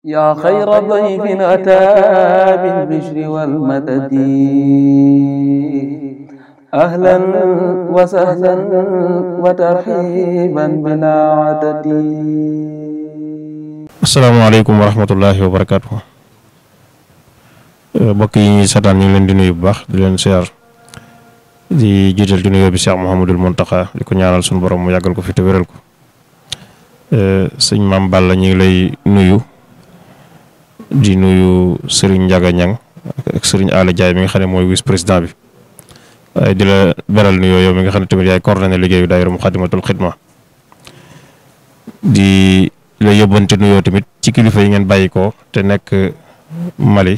yaa xayra dayfin ataa bil bishri wal madadi ahlan wa sahlan wa tarxiiban bilaa adadi. asalaamaaleykum wa rahmatullaahi wa barakaatu. mbokk yi ñuy sataan ñu ngi leen di nuyu bu baax di leen siyaar di jiital di nuyoo bi Cheikh Mouhamadul Mountakha di ko ñaanal sunu borom mu yàggal ko fi te wéral ko sëñ maam Balla ñu ngi lay nuyu. di nuyu Serigne Ndiaga ñaŋ ak Serigne Alla Diaye mi nga xam ne mooy vice président bi di la beral nuyoo yow mi nga xam ne tamit yaay coordonné liggéeyu daayira Muxaddamatul Xidma di la yóbbante nuyoo tamit ci kilifa yi ngeen bàyyi te nekk Mali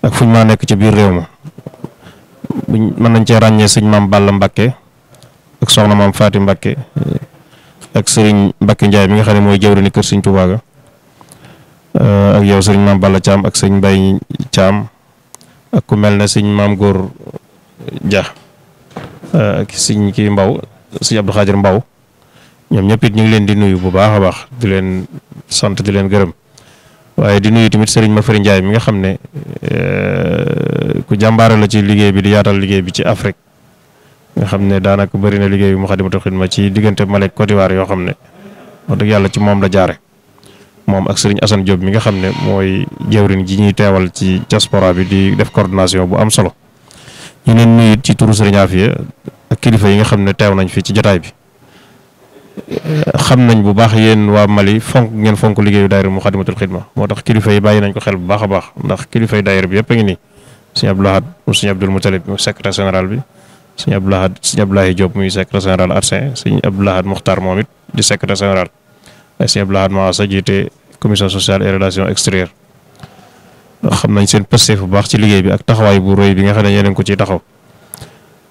ak fuñ maa nekk ci biir réew ma buñ mën nañ cee ràññee sëñ maam Balla Mbakke ak soxna maam Faati Mbakke ak sëriñ Mbakke Ndiaye mi nga xam ne mooy jëwriñu kër Sëñ Tuubaa ga Euh, ak yow sëriñ maam Balla Thiam ak sëñ Mbaye Thiam ak ku mel ne sëñ maam Góor ja euh, ak sëñ kii Mbaw sëñ Abdou Khadir Mbaw ñoom ñëpp it ñu ngi leen di nuyu bu baax a baax di leen sant di leen gërëm waaye di nuyu tamit sëriñ Mafari njaay mi nga xam ne euh, ku jàmbaare la ci liggéey bi di yaatal liggéey bi ci Afrique nga xam ne daanaka bëri na liggéey bi Moukhaddamatoul Khidma ci diggante Malek Côte d'Ivoire yoo xam ne wax dëgg ci moom la jaare moom ak sëriñ Assane Diop mi nga xam ne mooy jëwrin ji ñuy teewal ci diaspora bi di def coordination bu am solo ñu leen nuyu ci turu sëriñ Afia ak kilifa yi nga xam ne teew nañ fi ci jotaay bi xam nañ bu baax yéen waa Mali fonk ngeen fonk liggéeyu daayira Muxaddamatul Xidma moo tax kilifa yi bàyyi nañ ko xel bu baax a baax ndax kilifa yi daayira bi yëpp a ngi nii sëñ Abdou Lahad mu sëñ Abdoul Moutalib mu général bi sëñ Abdou Lahad sëñ Abdoulaye Diop muy secrétaire général arsin sëñ Abdou Lahad Muxtaar moom di secrétaire général sëñ Abdoulaye Maas a jiite commission sociale et relations extérieures xam nañ seen pasteef bu baax ci liggéey bi ak taxawaay bu rëy bi nga xam ne yéen ko ciy taxaw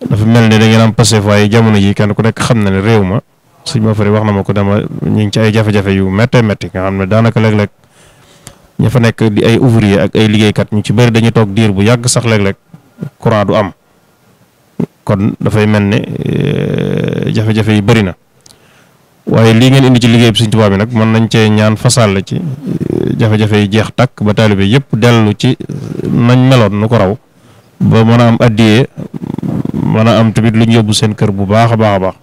dafa mel ne da ngeen am pasteef waaye jamono ji kenn ku nekk xam na ne réew ma sëñ Mafari wax na ko dama ñu ngi ci ay jafe-jafe yu méttee métti nga xam ne daanaka léeg-léeg ña fa nekk di ay ouvrier ak ay liggéeykat ñu ci bëri dañu toog diir bu yàgg sax léeg-léeg courant du am kon dafay mel ni euh, jafe-jafe yi bëri na. waaye lii ngeen indi ci liggéey bi Sëñ Tuubaa bi nag man nañ cee ñaan fasal la ci jafe-jafe yi jeex takk ba taalibe yëpp dellu ci euh, nañ meloon nu ko raw ba man a am addiyee mën a am tamit lu ñu yóbbu seen kër bu baax a baax a baax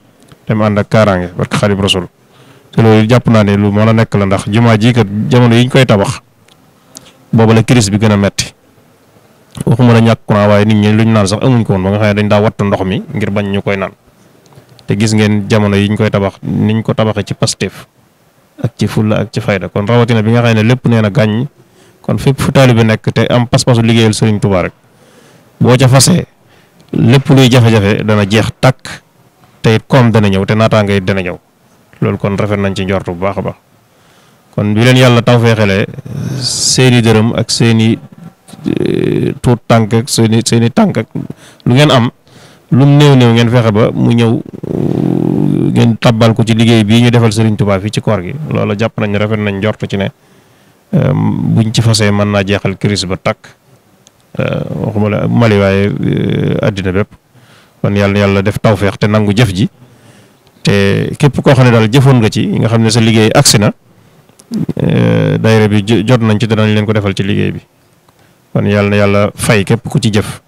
te mu ànd ak kaaraange barke Xaadimu Rasuul te loolu jàpp naa ne lu mën a nekk la ndax jumaa jii kat jamono yi koy tabax boobu la bi gën a metti waxuma la ñàkk courant waaye nit ñi luñ naan sax amuñ ko woon ba nga xam ne dañ daa ndox mi ngir bañ ñu koy naan te gis ngeen jamono yiñ koy tabax niñ ko tabaxee ci Pastef ak ci fulla ak ci fayda kon rawatina bi nga xam ne lépp nee na gàññ kon fépp fu taalibe nekk te am pas-pasu liggéeyal Sëriñ Tuubaa rek boo ca jeex tàkk te it koom dana ñëw te naataangay dana ñëw loolu kon rafet nañ ci njort bu baax a baax kon bi leen yàlla tawfeexalee seeni dërëm ak seeni eh, tuut tànk ak seeni seeni tànk ak lu ngeen am lum néew néew ngeen fexe ba mu ñëw ngeen tabbal ko ci liggéey bii ñu defal Serigne Touba fii ci koor gi loola jàpp nañ rafet nañ njort ci ne euh, buñ ci fasee man naa jeexal crise ba takk euh, waxuma la euh, àddina bépp kon yàlla yàlla def tawfeex te nangu jëf ji te képp koo xam ne daal jëfoon nga ci nga xam ne sa liggéey agsi na daayira bi jot nañ ci danañ leen ko defal ci liggéey bi kon yàlla yàlla fay képp ku ci jëf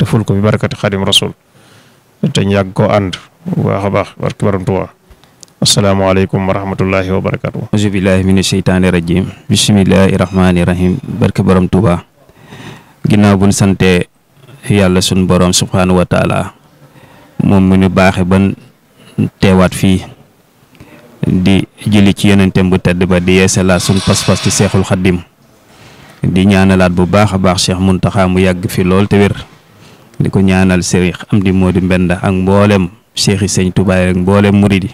te ful ko bi barakati xadim rasul te ñu yàgg koo ànd bu baax a baax barke Borom Tuubaa asalaamaaleykum wa rahmatullahi wa barakaatu. auzu billaahi mina rajiim bismillaahi rahmaani rahiim barke Borom Tuubaa bu buñ sante yàlla sunu borom subhaanahu wa taala moom mu ñu baaxe ban teewaat fii di jëli ci yonenteem bu tedd ba di yeesalaat sunu pas-pas ci seexul xaddim di ñaanalaat bu baax a baax seex Muntaxa mu yàgg fi lool te wér di ko ñaanal Serigne Amdi Modou Mbenda ak mboolem. seexi sëñ Tuubaa rek mboolem murid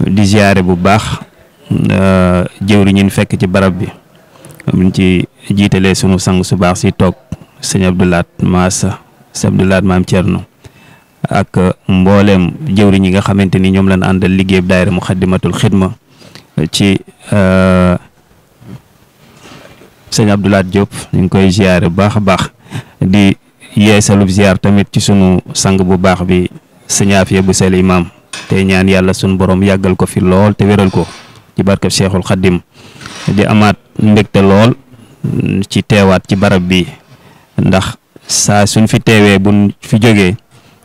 di ziyaare bu baax euh, jëwriñ ñun fekk ci barab bi ñu ci jiitalee sunu sang su baax si toog sëñ Abdoulaat Maasa sëñ Abdoulaat maam Thierno ak euh, mboolem jëwriñ yi nga xamante ni ñoom lañ àndal liggéey bu daayira Muxaddamatul Xidma ci euh, sëñ Abdoulaat Diop ñu ngi koy ziyaare bu baax a baax di yeesalub ziyaar tamit ci sunu sang bu baax bi. sëñ Afia bu sel imaam tey ñaan yàlla sunu borom yàggal ko fi lool te wéral ko ci barkeb Cheikhul Khadim di amaat mbégte lool ci teewaat ci barab bi ndax saa suñ fi teewee buñ fi jógee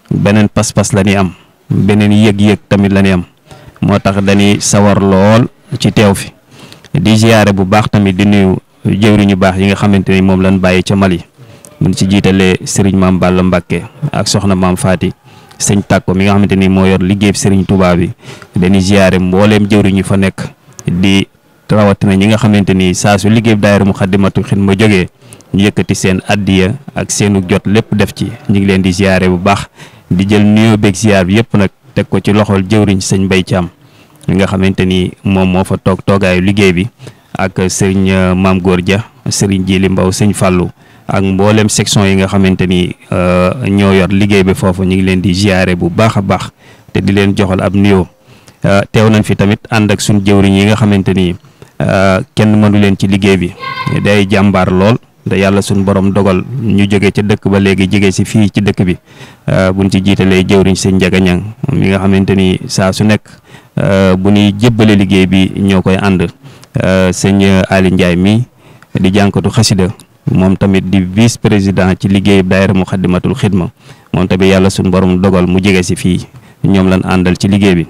beneen pas-pas la ñuy am beneen yëg-yëg tamit la am moo tax dañuy sawar lool ci teew fi di ziyaare bu baax tamit di nuyu jëwriñu baax yi nga xamante ni moom lañ bàyyi ca Mali mun ci jiitalee Serigne maam Balla Mbacke ak soxna maam Fati sëñ tàkko mi nga xamante ni moo yor liggéey sëriñ Touba yi dañuy ziare mbooleem jëwriñ ñi fa nekk di rawatina ñi nga xamante ni saa su liggéey daayira Muxaddamatul Xidma jógee ñu yëkkati seen addiya ak seenu jot lépp def ci ñu ngi leen di ziare bu baax di jël nuyoo beeg ziar bi yëpp nag teg ko ci loxool jëwriñ sëñ Mbay Caam mi nga xamante ni moom moo fa toog toogaayu liggéey bi ak sëriñ uh, Maam Góor Ja sëriñ Jili Mbaw sëñ Fàllu ak mboolem section yi nga xamante ni euh, ñoo yor liggéey bi foofu ñu ngi leen di ziare bu baax a baax te di leen joxal ab nuyoo euh, teew nañ fi tamit ànd ak suñ jëwriñ yi nga xamante ni euh, kenn mënu leen ci liggéey bi day jàmbaar lool te yàlla suñ borom dogal ñu jóge ca dëkk ba léegi jóge si fii ci dëkk bi bu buñ ci jiitalee jëwriñ seen njagañang mi nga xamante ni saa su nekk bu ñuy jébbale liggéey bi ñoo koy ànd sëñ Ali Ndiaye mi di jànkatu xasida moom tamit di vice président ci liggéey daayira Muxaddamatul Xidma moom tamit yàlla suñu borom dogal mu jege si fii ñoom lañ àndal ci liggéey bi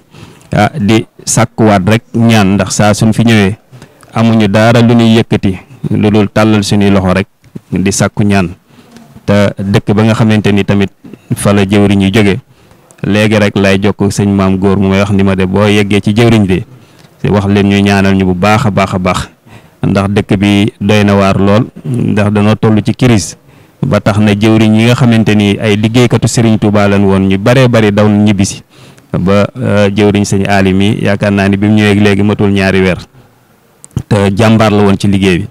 ah di sàkkuwaat rek ñaan ndax saa suñ fi ñëwee amuñu daara lu ñuy yëkkati lu dul tàllal suñuy loxo rek di sàkku ñaan te dëkk ba nga xamante ni tamit fala la jëwriñ yi jóge léegi rek lay jokk sëñ maam góor mu may wax ni ma de boo yeggee ci jëwriñ bi wax leen ñu ñaanal ñu bu baax a baax a baax ndax dëkk bi doy na waar lool ndax danoo toll ci crise ba tax na jëwriñ yi nga xamante ni ay liggéeykatu Serigne Touba lañ woon ñu bare bari daw ñibbisi ba euh, jëwriñ sëñ aali mi yaakaar naa ni bi mu ñëwee léegi matul ñaari weer te jàmbaar la woon ci liggéey bi.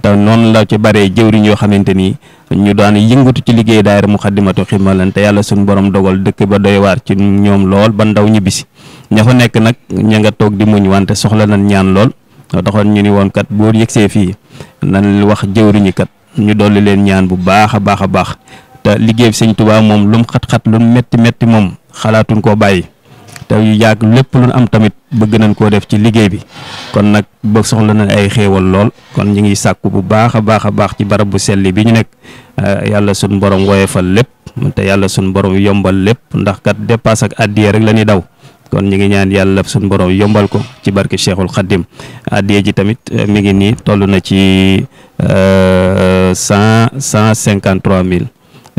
te noonu la ci bare jëwriñ yoo xamante ni ñu daan yëngatu ci liggéey daayira Muxaddamatul Xidma lan te yàlla suñu borom dogal dëkk ba doy waar ci ñoom lool ba ndaw ñibbisi ña fa nekk nag ña nga toog di muñ soxla nañ ñaan lool. moo taxoon ñu ni woon kat boo yëgsee fii nan wax jëwriñi kat ñu dolli leen ñaan bu baax a baax a baax te liggéey bi sëñ Tuubaa moom lu mu xat-xat lu mu métti métti moom xalaatuñ koo bàyyi te yu yàgg lépp lu am tamit bëgg nañ koo def ci liggéey bi kon nag ba soxla na ay xéewal lool kon ñu ngi sàkku bu baax a baax a baax ci barab bu selli bi ñu nekk eh, yàlla suñ borom woyofal lépp te yàlla suñ borom yombal lépp ndax kat dépasse ak addiya rek la ñuy daw kon ñu ngi ñaan yàlla suñu borom yombal ko ci barke Cheikhul Khadim addiya ji tamit euh, mu ngi nii toll na ci euh, cent cent cinquante trois mille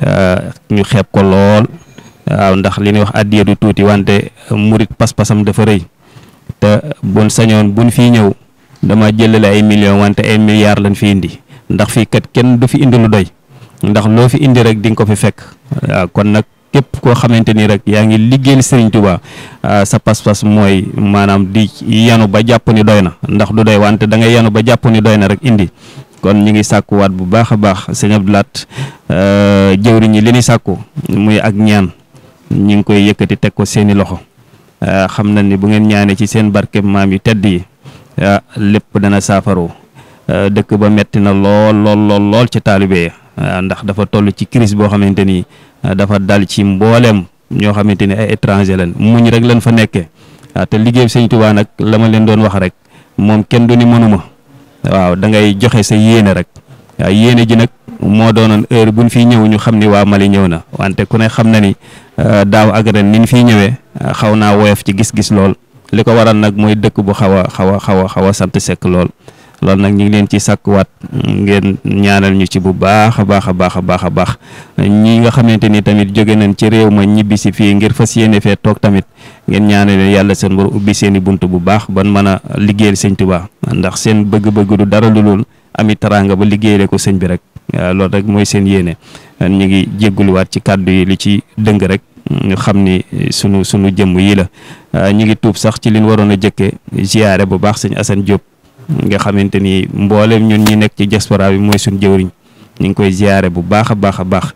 euh, ñu xeeb ko lool waaw ndax li ñuy wax addiya du tuuti wante murit pas-pasam dafa rëy te buñ sañoon buñ fii ñëw dama jëlale ay millions wante ay milliards lañ fi indi ndax fi kat kenn du fi indi lu doy ndax loo fi indi rek di ko fi fekk waaw kon nag. képp koo xamante ni rek yaa ngi liggéeyal Serigne Touba ah, sa pas mooy maanaam di yanu ba jàpp ni doy na ndax du doy wante da ngay yanu ba jàpp ni doy na rek indi kon ñu ngi sàkkuwaat bu baax a baax sëñ Abdou Lahat ah, jëwriñ ñi li ñuy sàkku muy ak ñaan ñu ngi koy yëkkati teg ko seeni loxo ah, xam na ni bu ngeen ñaanee ci seen barkeb maam yu tedd yi lépp dana saafaroo dëkk ba metti na lool lool lool ci taalibe ya ndax dafa toll ci crise boo xamante ni. Euh, dafa dal ci mbooleem ñoo xamante ni ay étranger lañ muñ rek lañ fa nekkee waaw ah, te liggéey sëñ Tuubaa nag lama leen doon wax rek moom kenn du ni mënuma waaw da ngay joxe sa yéene rek yéene ji nag moo doon heure buñ fiy ñëw ñu xam ni waa Mali ñëw na wante ku ne xam na ni euh, daaw ak ren fi ñu ñëwee euh, xaw naa woyof ci gis-gis lool li ko waral nag mooy dëkk bu xaw a xaw a xaw xaw a sant sekk lool loolu nag ñu ngi leen ci sàkkuwaat ngeen ñaanal ñu ci bu baax a baax a baax a baax a baax ñi nga xamante ni tamit jóge nañ ci réew ma ñibbi si fii ngir fas yéene fee toog tamit ngeen ñaanal yàlla seen war ubbi seen i bunt bu baax ban mën a liggéeyal sëñ Tuubaa ndax seen bëgg-bëgg du dara lu lool ami teraanga ba liggéeyale ko sëñ bi rek loolu rek mooy seen yéene ñu ngi jégguluwaat ci kàddu yi li ci dëng rek ñu xam ni sunu sunu jëm yi la ñu ngi tuub sax ci leen waroon a jëkkee ziyaare bu baax sëñ Assane Diop nga xamante ni mboolem ñun ñi nekk ci diaspora bi mooy suñ jëwriñ ñu ngi koy ziyaare bu baax a baax a baax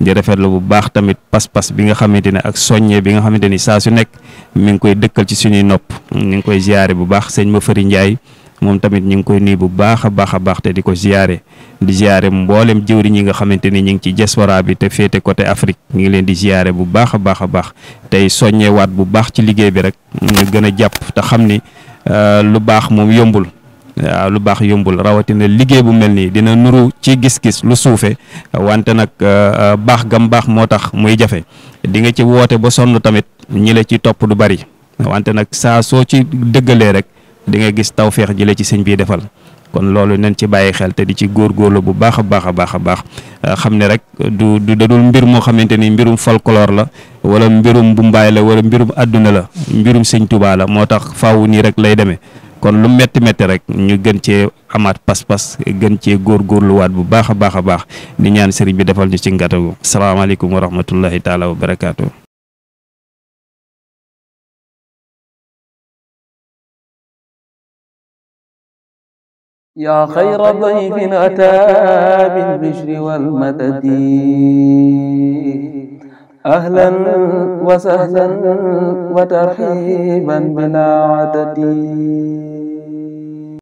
di rafetlu bu baax tamit pas-pas bi nga xamante ne ak soññee bi nga xamante ni saa su nekk mi ngi koy dëkkal ci suñuy nopp ñu ngi koy ziyaare bu baax sëñ ma fëri Njaay moom tamit ñu ngi koy nuyu bu baax a baax a baax te di ko ziyaare di ziyaare mboolem jëwriñ yi nga xamante ni ñu ngi ci diaspora bi te féete côté Afrique ñu ngi leen di ziyaare bu baax a baax a baax tey soññewaat bu baax ci liggéey bi rek ñu gën a jàpp te xam ni euh, lu baax moom yombul waaw lu baax yombul rawatina liggéey bu mel nii dina nuru ci gis-gis lu suufe wante nag euh, euh, baax gam baax moo tax muy jafe di nga ci woote ba sonn tamit ñi ci topp du bari wante nag saa soo ci dëggalee rek di nga gis tawféex ji la ci sëñ bii defal kon loolu nañ ci bàyyi xel te di ci góor góorgóorlu bu baax a baax a baax a baax euh, xam ne rek du du dadul mbir moo xamante ni mbirum folklore la wala mbirum mbumbaay la wala mbirum àdduna la mbirum sëñ Tuubaa la moo tax faaw nii rek lay demee kon lu metti metti rek ñu gën cee amaat pas-pas gën cee góor góorgóorluwaat bu baax a baax a baax di ñaan sëriñ bi defal ñu ci ngatagu salaamaaleykum wa rahmatullahi taala wa barakaatu. yaa xayra dayfin ataa bil bishri wal madadi ahlan wa sahlan wa tarhiiban bilaa adadi